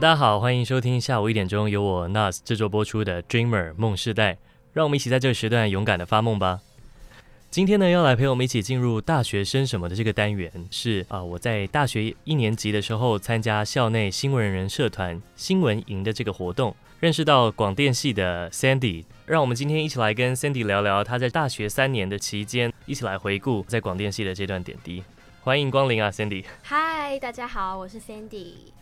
大家好，歡迎收聽下午一點鐘由我 Nas 制作播出的 Dreamer 夢世代，讓我們一起在這個時段勇敢的發夢吧。今天呢，要來陪我們一起進入大學升什麼的這個單元，是啊、呃，我在大學一年級的時候參加校內新聞人社團新聞營的這個活動，認識到廣電系的 Sandy，讓我們今天一起來跟 Sandy 聊聊他在大學三年的期間，一起來回顧在廣電系的這段點滴。歡迎光臨啊，Sandy。Hi，大家好，我是 Sandy。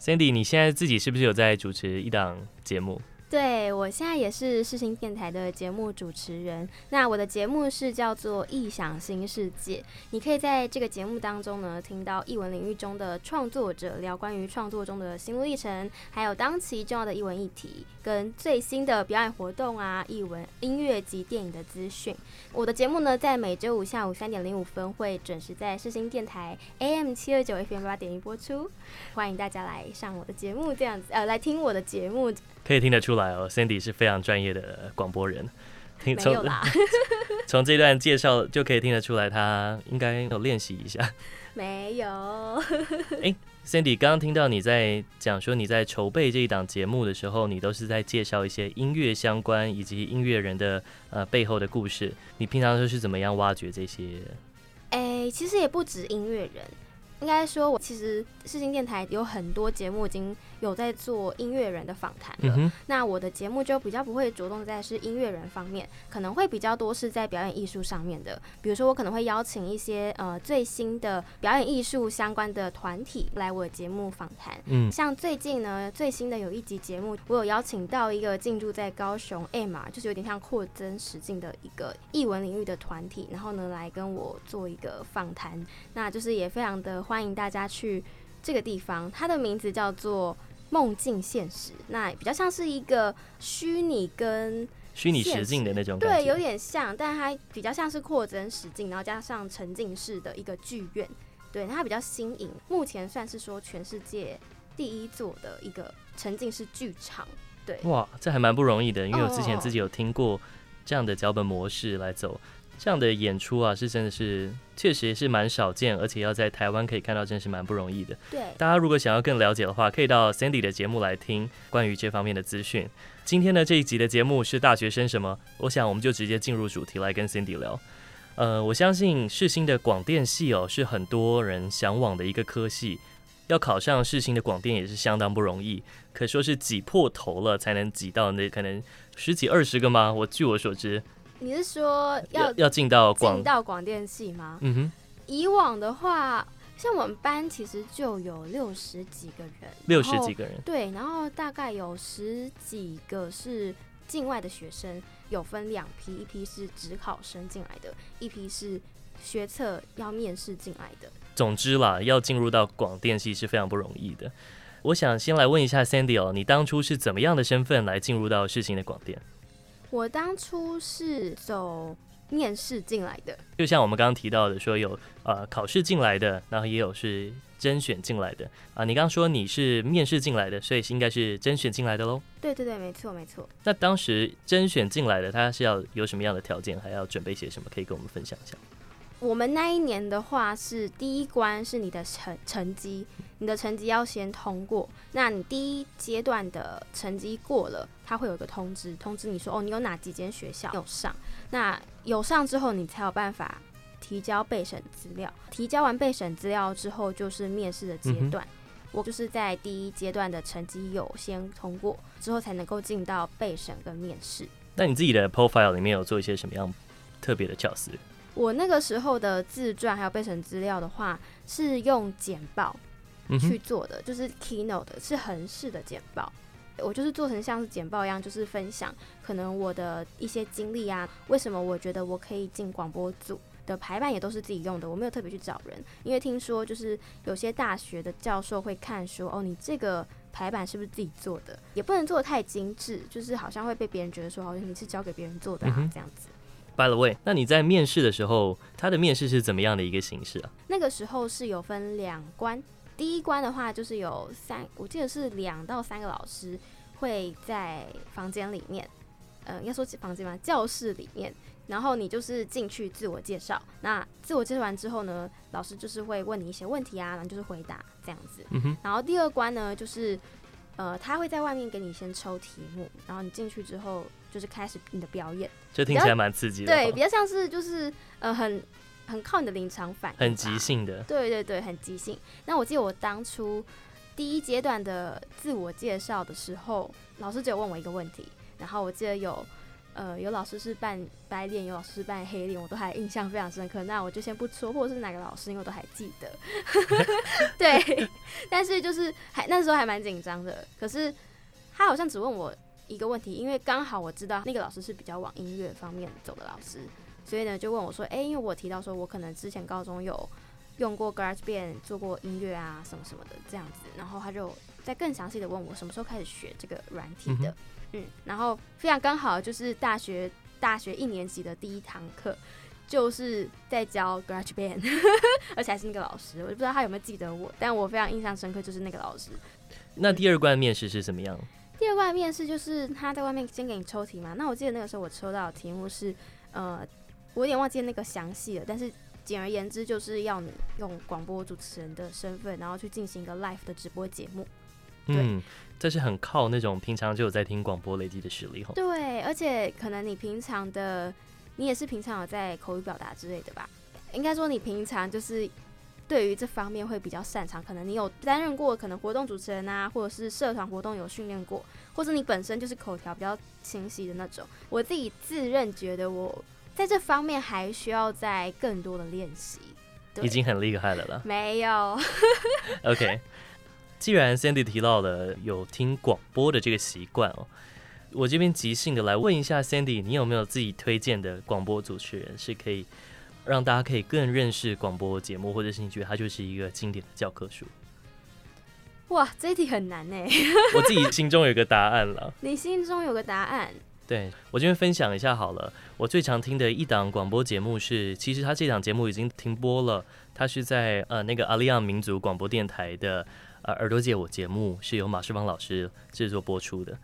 c i n d y 你現在自己是不是有在主持一檔節目？對我現在也是世新電台的節目主持人。那我的節目是叫做《藝想心世界》，你可以在這個節目當中呢，聽到藝文領域中的創作者聊關於創作中的心路歷程，還有當期重要的藝文議題跟最新的表演活動啊，藝文音樂及電影的資訊。我的節目呢，在每周五下午三點零五分會準時在世新電台 AM 七二九 FM 八點一播出，歡迎大家來上我的節目，這樣子呃來聽我的節目。可以聽得出來哦，Sandy 是非常專業的廣播人，聽從從這段介紹就可以聽得出來，他應該有練習一下。沒有。哎 、欸、，Sandy，剛剛聽到你在講說你在籌備這一檔節目的時候，你都是在介紹一些音樂相關以及音樂人的呃背後的故事。你平常都是怎麼樣挖掘這些？哎、欸，其實也不止音樂人。應該說，我其實世新電臺有很多節目已經有在做音樂人的訪談了。嗯、哼那我的節目就比較不會著重在是音樂人方面，可能會比較多是在表演藝術上面的。比如說，我可能會邀請一些呃最新的表演藝術相關的團體來我的節目訪談。嗯，像最近呢，最新的有一集節目，我有邀請到一個進駐在高雄 M 瑪，就是有點像擴增實境的一個藝文領域的團體，然後呢來跟我做一個訪談。那就是也非常的。歡迎大家去這個地方，它的名字叫做夢境現實，那比較像是一個虛擬跟虛擬實，實境的那種感覺。對，有點像，但是它比較像是擴增實境，然後加上沉浸式的一個劇院。對，它比較新穎，目前算是說全世界第一座的一個沉浸式劇場。對，哇，這還蠻不容易的，因為我之前自己有聽過這樣的腳本模式來走。Oh. 這樣的演出啊，是真的是，確實也是蠻少見，而且要在台灣可以看到，真是蠻不容易的。對，大家如果想要更了解的話，可以到 Sandy 的節目來聽關於這方面的資訊。今天的這一集的節目是大學升什麼？我想我們就直接進入主題來跟 Sandy 聊。呃，我相信世新的廣電系哦，是很多人向往的一個科系，要考上世新的廣電也是相當不容易，可說是擠破頭了才能擠到，那可能十幾二十個嗎？我據我所知。你是說要要進到進到廣電系嗎？嗯哼，以往的話，像我們班其實就有六十幾個人，六十幾個人，對，然後大概有十幾個是境外的學生，有分兩批，一批是指考生進來的，一批是學測要面試進來的。總之啦，要進入到廣電系是非常不容易的。我想先來問一下 Sandy 哦、喔，你當初是怎麼樣的身份來進入到世新的廣電？我當初是走面試進來的，就像我們剛剛提到的，說有呃考試進來的，然後也有是甄選進來的啊。你剛剛說你是面試進來的，所以應該是甄選進來的嘍？對對對，沒錯沒錯。那當時甄選進來的，他是要有什麼樣的條件，還要準備些什麼，可以跟我們分享一下。我們那一年的話，是第一關是你的成成績，你的成績要先通過。那你第一階段的成績過了，他會有一個通知，通知你說哦，你有哪幾間學校有上。那有上之後，你才有辦法提交備審資料。提交完備審資料之後，就是面試的階段。嗯、哼我就是在第一階段的成績有先通過之後，才能夠進到備審跟面試。那你自己的 profile 裡面有做一些什麼樣特別的巧思？我那個時候的自傳還有備審資料的話，是用簡報去做的，嗯、哼就是 keynote 的是橫式的簡報，我就是做成像是簡報一樣，就是分享可能我的一些經歷啊，為什麼我覺得我可以進廣播組的排版也都是自己用的，我沒有特別去找人，因為聽說就是有些大學的教授會看說，哦，你這個排版是不是自己做的，也不能做得太精緻，就是好像會被別人覺得說，哦，你是交給別人做的啊、嗯、哼這樣子。By the way，那你在面試的時候，他的面試是怎麼樣的一個形式啊？那個時候是有分兩關，第一關的話就是有三，我記得是兩到三個老師會在房間裡面，呃，應該說房間吧，教室裡面，然後你就是進去自我介紹。那自我介紹完之後呢，老師就是會問你一些問題啊，然後就是回答這樣子。嗯哼。然後第二關呢，就是呃，他會在外面給你先抽題目，然後你進去之後。就是開始你的表演。就聽起來蠻刺激的哦！對，比較像是就是呃，很很靠你的臨場反應，很即興的。對對對，很即興。那我記得我當初第一階段的自我介紹的時候，老師只有問我一個問題。然後我記得有呃，有老師是扮白臉，有老師是扮黑臉，我都還印象非常深刻。那我就先不說，或者是哪個老師，因為我都還記得。 對，但是就是還那時候還蠻緊張的。可是他好像只問我。一個問題，因為剛好我知道那個老師是比較往音樂方面走的老師，所以呢就問我說：“哎、欸，因為我提到說我可能之前高中有用過 GarageBand 做過音樂啊什麼什麼的這樣子。”然後他就在更詳細的問我什麼時候開始學這個軟體的，嗯，哼嗯，然後非常剛好就是大學大學一年級的第一堂課就是在教 GarageBand，而且還是那個老師，我就不知道他有沒有記得我，但我非常印象深刻就是那個老師。那第二關面試是怎麼樣？第二外面試就是他在外面先給你抽題嘛，那我記得那個時候我抽到的題目是，呃，我有點忘記那個詳細了，但是簡而言之就是要你用廣播主持人的身份，然後去進行一個 live 的直播節目。對，嗯，這是很靠那種平常就有在聽廣播累積的實力吼。對，而且可能你平常的，你也是平常有在口語表達之類的吧？應該說你平常就是。對於這方面會比較擅長，可能你有擔任過可能活動主持人啊，或者是社團活動有訓練過，或者你本身就是口條比較清晰的那種。我自己自認覺得我在這方面還需要再更多的練習，已經很厲害了啦。沒有。 OK，既然 Sandy 提到了有聽廣播的這個習慣哦，我這邊即興的來問一下 Sandy，你有沒有自己推薦的廣播主持人是可以？讓大家可以更認識廣播節目，或者是你覺得它就是一個經典的教科書。哇，這一題很難呢， 我自己心中有個答案了。你心中有個答案？對，我這邊分享一下好了。我最常聽的一檔廣播節目是，其實它這檔節目已經停播了。它是在呃那個阿利亞民族廣播電台的呃耳朵借我節目，是由馬世芳老師制作播出的。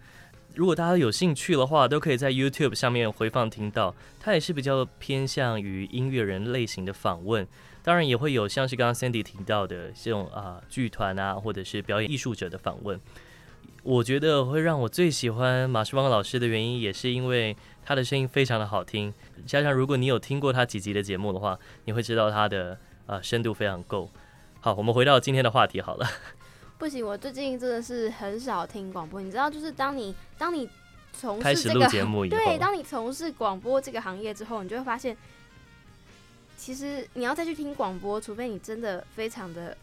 如果大家有興趣的話，都可以在 YouTube 上面回放聽到。他也是比較偏向於音樂人類型的訪問，當然也會有像是剛剛 Sandy 提到的這種啊、呃、劇團啊，或者是表演藝術者的訪問。我覺得會讓我最喜歡馬世芳老師的原因，也是因為他的聲音非常的好聽，加上如果你有聽過他幾集的節目的話，你會知道他的啊、呃、深度非常夠。好，我們回到今天的話題好了。不行，我最近真的是很少聽廣播。你知道，就是當你當你從事這個節目以後，對，當你從事廣播這個行業之後，你就會發現，其實你要再去聽廣播，除非你真的非常的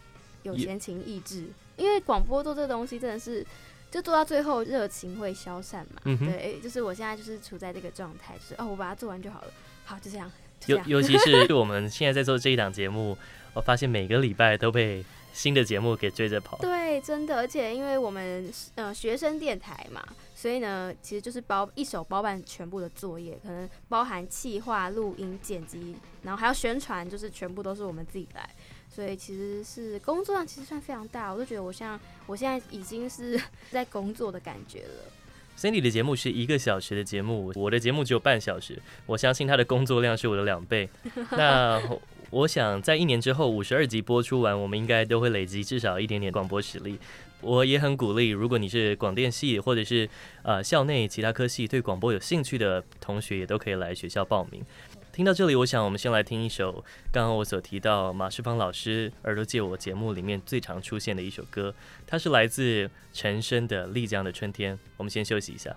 有閒情逸致。也因為廣播做這個東西真的是，就做到最後熱情會消散嘛。嗯、哼對，就是我現在就是處在這個狀態，就是哦，我把它做完就好了。好，就這樣。這樣。尤尤其是我們現在在做這一檔節目， 我發現每個禮拜都被。新的節目給追着跑，對，真的，而且因為我們呃學生電台嘛，所以呢，其實就是包一手包辦全部的作業，可能包含企劃、錄音、剪輯，然後還要宣傳，就是全部都是我們自己來，所以其實是工作量其實算非常大，我就覺得我像我現在已經是在工作的感覺了。Sandy 的節目是一個小時的節目，我的節目只有半小時，我相信他的工作量是我的兩倍。 那。我想在一年之後五十二集播出完，我們應該都會累積至少一點點廣播實力。我也很鼓勵，如果你是廣電系或者是呃校內其他科系對廣播有興趣的同學，也都可以來學校報名。聽到這裡，我想我們先來聽一首剛剛我所提到馬世芳老師耳朵借我節目裡面最常出現的一首歌，它是來自陳昇的《麗江的春天》。我們先休息一下。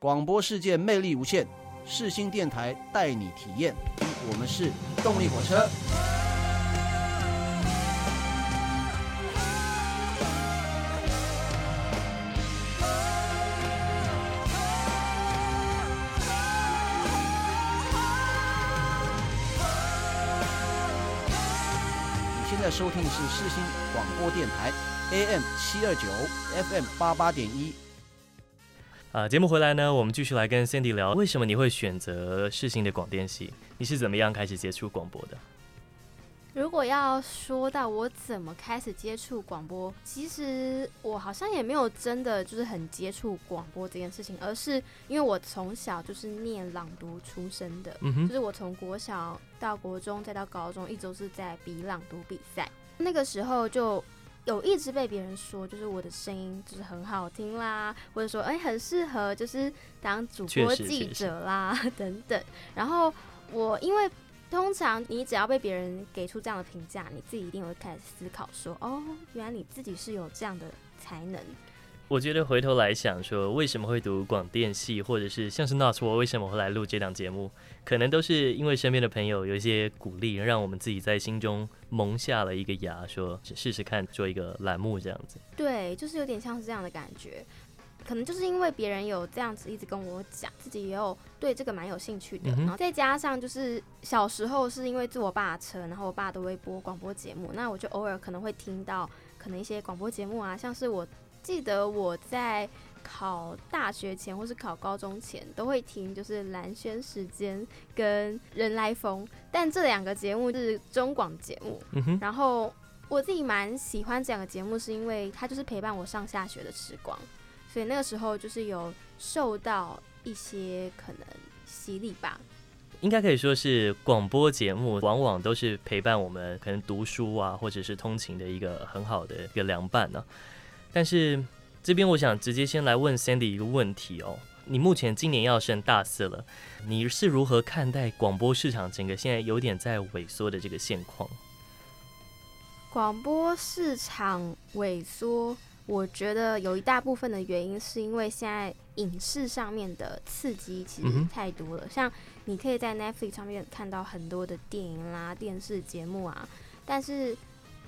廣播世界魅力無限，世新電台帶你體驗。我們是動力火車。你現在收聽的是世新廣播電台，AM 七二九，FM 八八點一。啊，節目回來呢，我們繼續來跟 Sandy 聊，為什麼你會選擇世新的廣電系？你是怎麼樣開始接觸廣播的？如果要說到我怎麼開始接觸廣播，其實我好像也沒有真的就是很接觸廣播這件事情，而是因為我從小就是念朗讀出身的，嗯哼，就是我從國小到國中再到高中，一直都是在比朗讀比賽，那個時候就，有一直被別人說，就是我的聲音就是很好聽啦，或者說誒、欸、很適合就是當主播記者啦等等。然後我因為通常你只要被別人給出這樣的評價，你自己一定會開始思考說，哦，原來你自己是有這樣的才能。我覺得回頭來想說，為什麼會讀廣電系，或者是像是 Not，我為什麼會來錄這檔節目，可能都是因為身邊的朋友有一些鼓勵，讓我們自己在心中萌下了一個芽，說試試看做一個欄目這樣子。對，就是有點像是這樣的感覺，可能就是因為別人有這樣子一直跟我講，自己也有對這個蠻有興趣的，嗯、哼然後再加上就是小時候是因為坐我爸車，然後我爸都會播廣播節目，那我就偶爾可能會聽到可能一些廣播節目啊，像是我。記得我在考大學前，或是考高中前，都會聽就是《藍軒時間》跟《人來瘋》，但這兩個節目是中廣節目。嗯、哼然後我自己蠻喜歡這兩個節目，是因為它就是陪伴我上下學的時光，所以那個時候就是有受到一些可能洗禮吧。應該可以說是廣播節目，往往都是陪伴我們可能讀書啊，或者是通勤的一個很好的一個良伴呢。但是這邊我想直接先來問 Sandy 一個問題哦，你目前今年要升大四了，你是如何看待廣播市場整個現在有點在萎縮的這個現況？廣播市場萎縮，我覺得有一大部分的原因是因為現在影視上面的刺激其實太多了，嗯、哼像你可以在 Netflix 上面看到很多的電影啦、啊、電視節目啊，但是。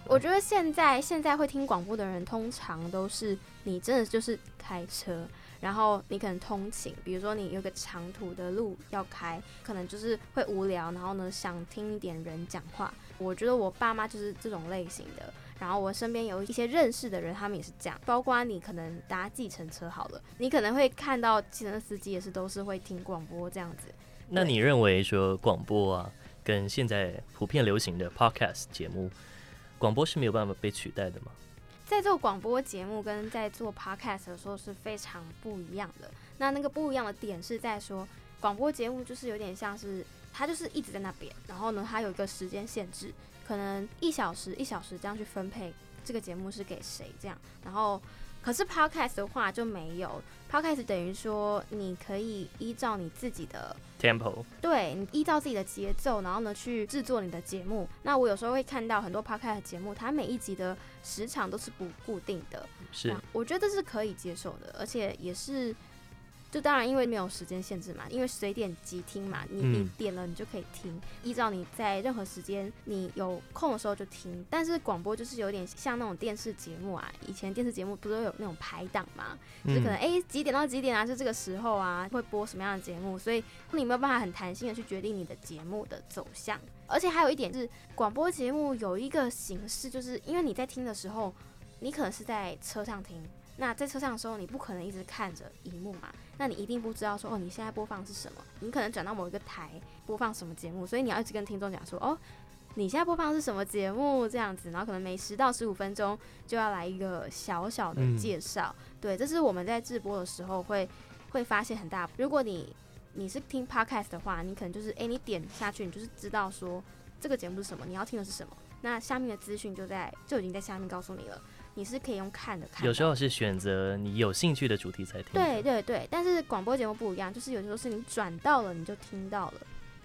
我覺得現在現在會聽廣播的人，通常都是你真的就是開車，然後你可能通勤，比如說你有個長途的路要開，可能就是會無聊，然後呢想聽一點人講話。我覺得我爸媽就是這種類型的，然後我身邊有一些認識的人，他們也是這樣。包括你可能搭計程車好了，你可能會看到計程車司機也是都是會聽廣播這樣子。那你認為說廣播啊，跟現在普遍流行的 Podcast 節目，廣播是沒有辦法被取代的嗎？在做廣播節目跟在做 Podcast 的時候是非常不一樣的。那那個不一樣的點是在說，廣播節目就是有點像是它，就是一直在那邊，然後呢，它有一個時間限制，可能一小時一小時這樣去分配這個節目是給誰這樣，然後。可是 Podcast 的話就沒有，Podcast 等於說你可以依照你自己的 Tempo，對你依照自己的節奏，然後呢去制作你的節目。那我有時候會看到很多 Podcast 的節目，它每一集的時長都是不固定的，是，我覺得是可以接受的，而且也是。就當然，因為沒有時間限制嘛，因為隨點即聽嘛，你你點了你就可以聽，嗯、依照你在任何時間你有空的時候就聽。但是廣播就是有點像那種電視節目啊，以前電視節目不是都有那種排檔嘛，就可能誒、嗯欸、幾點到幾點啊，是這個時候啊會播什麼樣的節目，所以你沒有辦法很彈性的去決定你的節目的走向。而且還有一點、就是，廣播節目有一個形式，就是因為你在聽的時候，你可能是在車上聽。那在車上的時候，你不可能一直看着熒幕嘛？那你一定不知道說哦，你現在播放是什麼？你可能轉到某一個台播放什麼節目，所以你要一直跟聽眾講說哦，你現在播放是什麼節目？這樣子，然後可能每十到十五分鐘就要來一個小小的介紹。嗯、對，這是我們在直播的時候會會發現很大部分。如果你你是聽 Podcast 的話，你可能就是誒、欸，你點下去，你就是知道說這個節目是什麼，你要聽的是什麼。那下面的資訊就在就已經在下面告訴你了。你是可以用看的看的，有時候是選擇你有興趣的主題才聽的。對對對，但是廣播節目不一樣，就是有時候是你轉到了你就聽到了，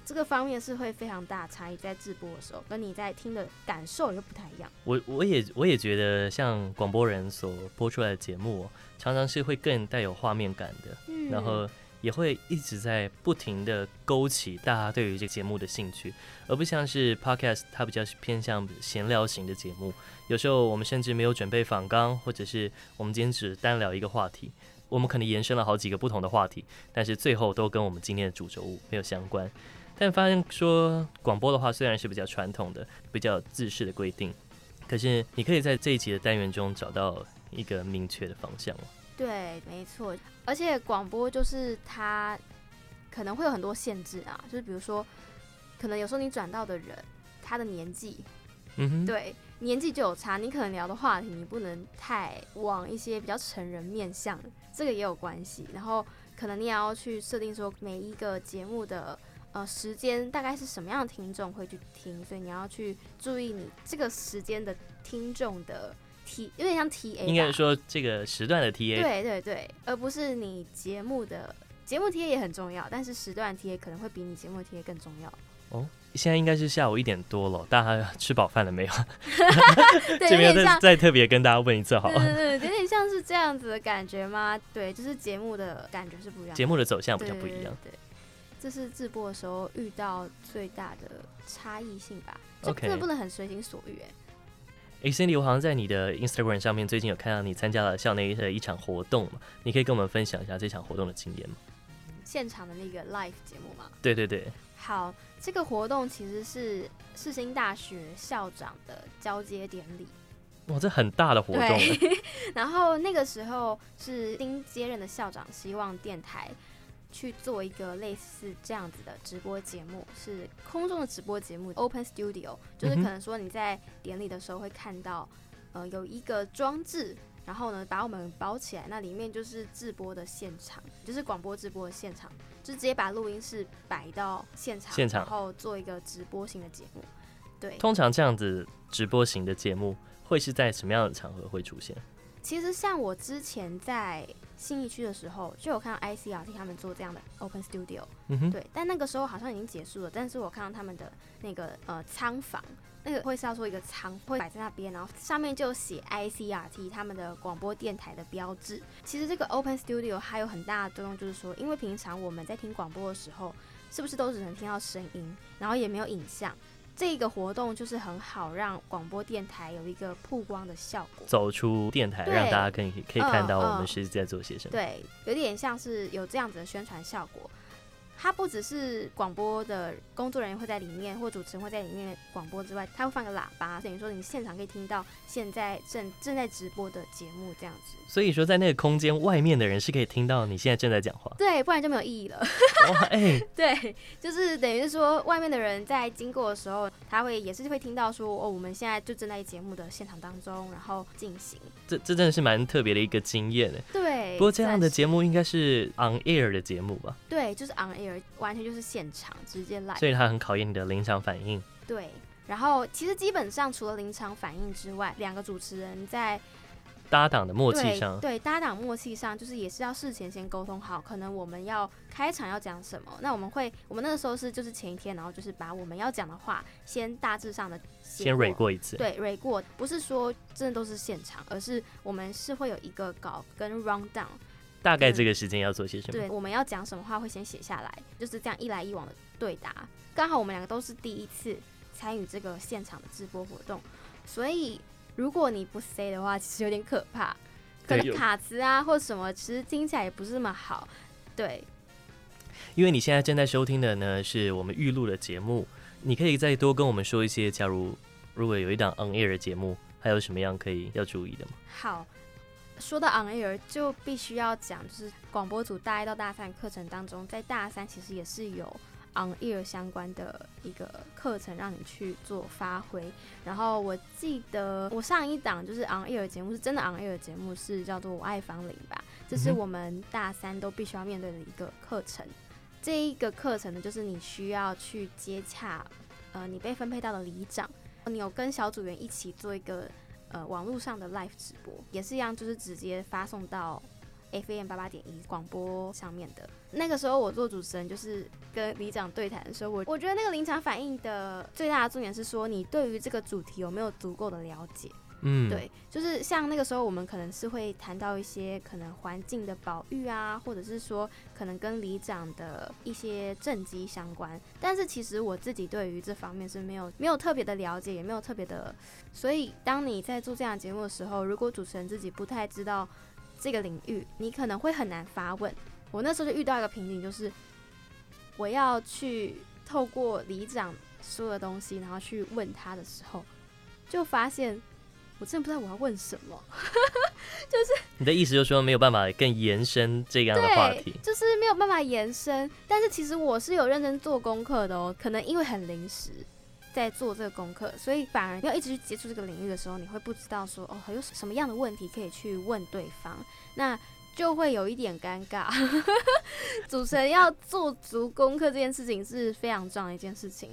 這個方面是會非常大差異。在直播的時候，跟你在聽的感受又不太一樣。我我也我也覺得，像廣播人所播出來的節目，常常是會更帶有畫面感的，嗯、然後。也會一直在不停地勾起大家對於這個節目的興趣，而不像是 Podcast，它比較是偏向閒聊型的節目。有時候我們甚至沒有準備訪綱，或者是我們今天只單聊一個話題，我們可能延伸了好幾個不同的話題，但是最後都跟我們今天的主軸物沒有相關。但發現說廣播的話，雖然是比較傳統的、比較有自視的規定，可是你可以在這一集的單元中找到一個明確的方向。對，沒錯，而且廣播就是它可能會有很多限制啊，就是比如說，可能有時候你轉到的人，他的年紀，嗯哼，對，年紀就有差，你可能聊的話題你不能太往一些比較成人面向，這個也有關係。然後可能你也要去設定說每一個節目的呃時間大概是什麼樣的聽眾會去聽，所以你要去注意你這個時間的聽眾的，有點像 TA，應該說這個時段的 TA，對對對，而不是你節目的節目 TA 也很重要，但是時段 TA 可能會比你節目 TA 更重要。哦，現在應該是下午一點多了，大家吃飽飯了沒有？哈哈 再再特別跟大家問一次，好， 是有點像是這樣子的感覺嗎？對，就是節目的感覺是不一樣，節目的走向比較不一樣。對，對，對，對，這是直播的時候遇到最大的差異性吧？Okay. 就真的不能很隨心所欲、欸。哎，Sandy 我好像在你的 Instagram 上面最近有看到你參加了校內的一場活動，你可以跟我們分享一下這場活動的經驗嗎？現場的那個 Live 節目嗎？對對對。好，這個活動其實是世新大學校長的交接典禮。哇，這很大的活動。對 然後那個時候是新接任的校長希望電台。去做一個類似這樣子的直播節目，是空中的直播節目，Open Studio，就是可能說你在典禮的時候會看到，嗯哼。呃，有一個裝置，然後呢把我們包起來，那裡面就是直播的現場，就是廣播直播的現場，就直接把錄音室擺到現場，現場，然後做一個直播型的節目。對，通常這樣子直播型的節目會是在什麼樣的場合會出現？其實像我之前在信義區的時候，就有看到 ICRT 他們做這樣的 Open Studio，嗯、哼對。但那個時候好像已經結束了，但是我看到他們的那個呃倉房，那個會是要做一個倉，會擺在那邊，然後上面就寫 ICRT 他們的廣播電台的標誌。其實這個 Open Studio 還有很大的作用，就是說，因為平常我們在聽廣播的時候，是不是都只能聽到聲音，然後也沒有影像。這個活動就是很好，讓廣播電台有一個曝光的效果，走出電台，對讓大家可以可以看到我們是在做些什麼，對，有點像是有這樣子的宣傳效果。它不只是廣播的工作人員會在裡面，或主持人會在裡面廣播之外，他會放個喇叭，等於說你現場可以聽到現在正正在直播的節目這樣子。所以說，在那個空間外面的人是可以聽到你現在正在講話。對，不然就沒有意義了。哎、 哦，欸、對，就是等於是說，外面的人在經過的時候，他會也是會聽到說，哦，我們現在就正在節目的現場當中，然後進行。這這真的是蠻特別的一個經驗的。對、嗯。不過這樣的節目應該是 on air 的節目吧？對，就是 on air，完全就是現場直接 live，所以他很考驗你的臨場反應。對，然後其實基本上除了臨場反應之外，兩個主持人在。搭檔的默契上，對，對搭檔默契上，就是也是要事前先溝通好，可能我們要開場要講什麼，那我們會，我們那個時候是就是前一天，然後就是把我們要講的話先大致上的先 re 過一次，對 re 過，不是說真的都是現場，而是我們是會有一個稿跟 rundown，大概這個時間要做些什麼，對我們要講什麼話會先寫下來，就是這樣一來一往的對答。剛好我們兩個都是第一次參與這個現場的直播活動，所以。如果你不 say 的話，其實有點可怕，可能卡詞啊，或什麼，其實聽起來也不是那麼好，對。因為你現在正在收聽的呢，是我們預錄的節目，你可以再多跟我們說一些。假如如果有一檔 on air 的節目，還有什麼樣可以要注意的嗎？好，說到 on air 就必須要講，就是廣播組大一到大三課程當中，在大三其實也是有。on air 相關的一個課程，讓你去做發揮。然後我記得我上一檔就是 on air 節目，是真的 on air 節目是叫做《我愛芳鄰》吧，這、嗯、哼是我們大三都必須要面對的一個課程。這一個課程呢，就是你需要去接洽，呃，你被分配到的里長，你有跟小組員一起做一個呃網絡上的 live 直播，也是一樣，就是直接發送到 FM 八八點一廣播上面的。那個時候我做主持人就是。跟里長對談的時候，我我覺得那個臨場反應的最大的重點是說，你對於這個主題有沒有足夠的了解？嗯，對，就是像那個時候我們可能是會談到一些可能環境的保育啊，或者是說可能跟里長的一些政績相關，但是其實我自己對於這方面是沒有沒有特別的了解，也沒有特別的，所以當你在做這樣節目的時候，如果主持人自己不太知道這個領域，你可能會很難發問。我那時候就遇到一個瓶頸，就是。我要去透過里長說的東西，然後去問他的時候，就發現我真的不知道我要問什麼？ 就是你的意思，就是說沒有辦法更延伸這樣的話題，就是沒有辦法延伸。但是其實我是有認真做功課的哦、喔，可能因為很臨時在做這個功課，所以反而要一直去接觸這個領域的時候，你會不知道說哦、喔，還有什麼樣的問題可以去問對方。那就會有一點尷尬呵呵，主持人要做足功課這件事情是非常重要的一件事情，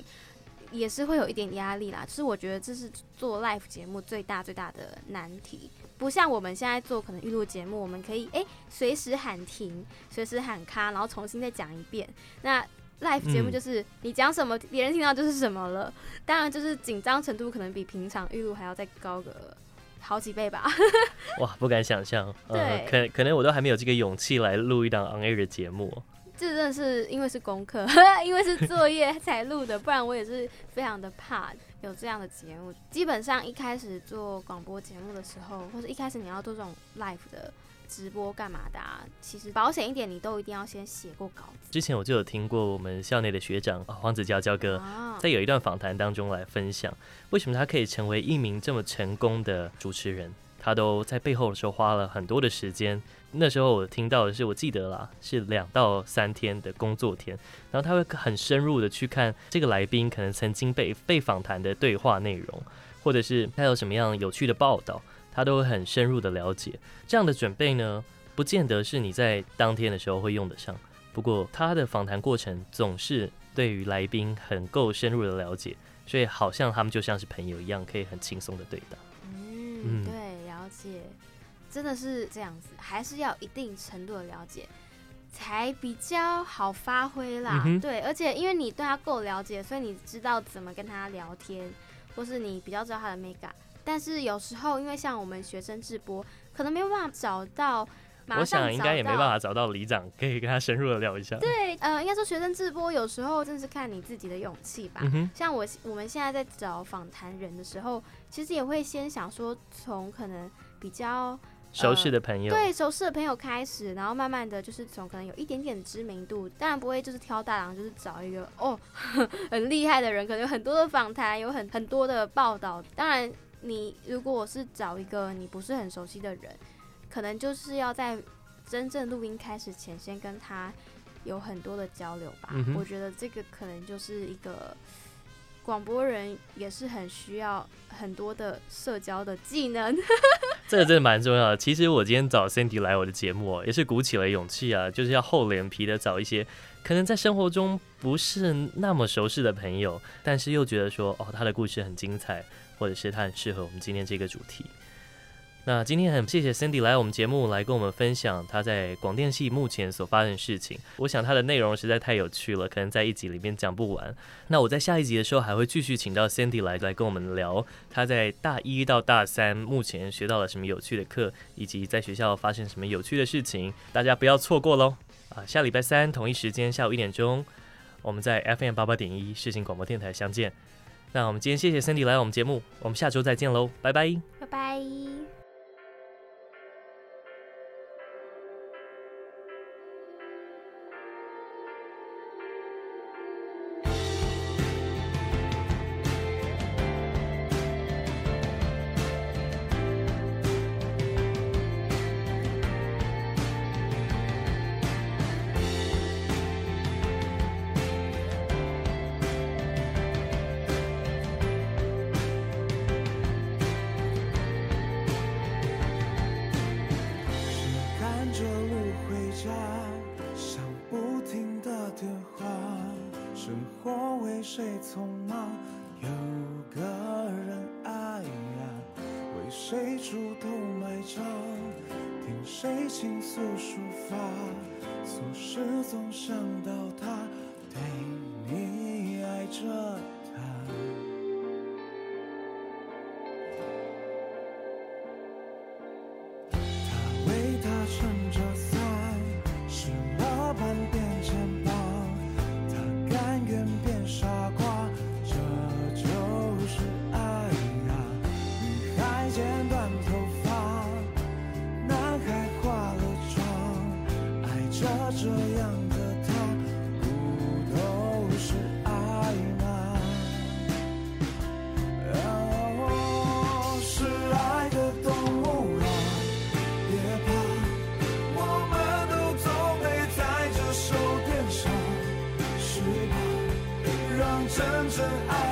也是會有一點壓力啦。就是我覺得這是做 live 節目最大最大的難題，不像我們現在做可能預錄節目，我們可以哎隨時喊停，隨時喊卡，然後重新再講一遍。那 live 節目就是、嗯、你講什麼，別人聽到就是什麼了。當然就是緊張程度可能比平常預錄還要再高個了。好幾倍吧， 哇，不敢想象對，嗯、可能可能我都還沒有這個勇氣來錄一檔 on air 的節目。這真的是因為是功課，因為是作業才錄的，不然我也是非常的怕有這樣的節目。基本上一開始做廣播節目的時候，或者一開始你要做這種 live 的，直播幹嘛的啊？其實保險一點，你都一定要先寫過稿子。之前我就有聽過我們校內的學長黃子佼佼哥，在有一段訪談當中來分享，為什麼他可以成為一名這麼成功的主持人。他都在背後的時候花了很多的時間。那時候我聽到的是，我記得啦，是兩到三天的工作天，然後他會很深入的去看這個來賓可能曾經被被訪談的對話內容，或者是他有什麼樣有趣的報道。他都會很深入的了解，這樣的準備呢，不見得是你在當天的時候會用得上。不過他的訪談過程總是對於來賓很夠深入的了解，所以好像他們就像是朋友一樣，可以很輕鬆的對答。嗯，對，了解，真的是這樣子，還是要一定程度的了解才比較好發揮啦。嗯哼。對，而且因為你對他夠了解，所以你知道怎麼跟他聊天，或是你比較知道他的 make up 但是有時候，因為像我們學生直播，可能沒有辦法找到，馬上找到，我想應該也沒辦法找到里長，可以跟他深入的聊一下。對，呃，應該說學生直播有時候真是看你自己的勇氣吧。嗯、哼像我我們現在在找訪談人的時候，其實也會先想說從可能比較、呃、熟悉的朋友，對，熟悉的朋友開始，然後慢慢的就是從可能有一點點知名度，當然不會就是挑大梁，就是找一個哦很厲害的人，可能有很多的訪談，有很很多的報道，當然。你如果我是找一個你不是很熟悉的人，可能就是要在真正錄音開始前，先跟他有很多的交流吧。嗯、哼我覺得這個可能就是一個廣播人也是很需要很多的社交的技能。 這個真的蠻重要的。其實我今天找 Sandy 來我的節目，也是鼓起了勇氣啊，就是要厚臉皮的找一些可能在生活中不是那麼熟悉的朋友，但是又覺得說，哦，他的故事很精彩。或者是他很適合我們今天這個主題。那今天很謝謝 Sandy 來我們節目來跟我們分享他在廣電系目前所發生的事情。我想他的內容實在太有趣了，可能在一集裡面講不完。那我在下一集的時候還會繼續請到 Sandy 來來跟我們聊他在大一到大三目前學到了什麼有趣的課，以及在學校發生什麼有趣的事情。大家不要錯過嘍！啊，下禮拜三同一時間下午一點鐘，我們在 FM 八八點一世新廣播電台相見。那我們今天謝謝 Sandy 來我們節目，我們下周再見嘍，拜拜，拜拜。夜路回家，想不停的電話，生活為誰匆忙？有個人愛呀，為誰主動買賬？聽誰傾訴抒發？瑣事總想到他，對你愛着。真正愛。